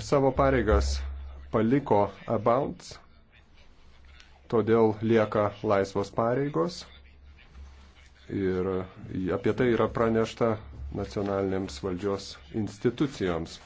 savo pareigas paliko Abounds, todėl lieka laisvos pareigos ir apie tai yra pranešta nacionalinėms valdžios institucijoms.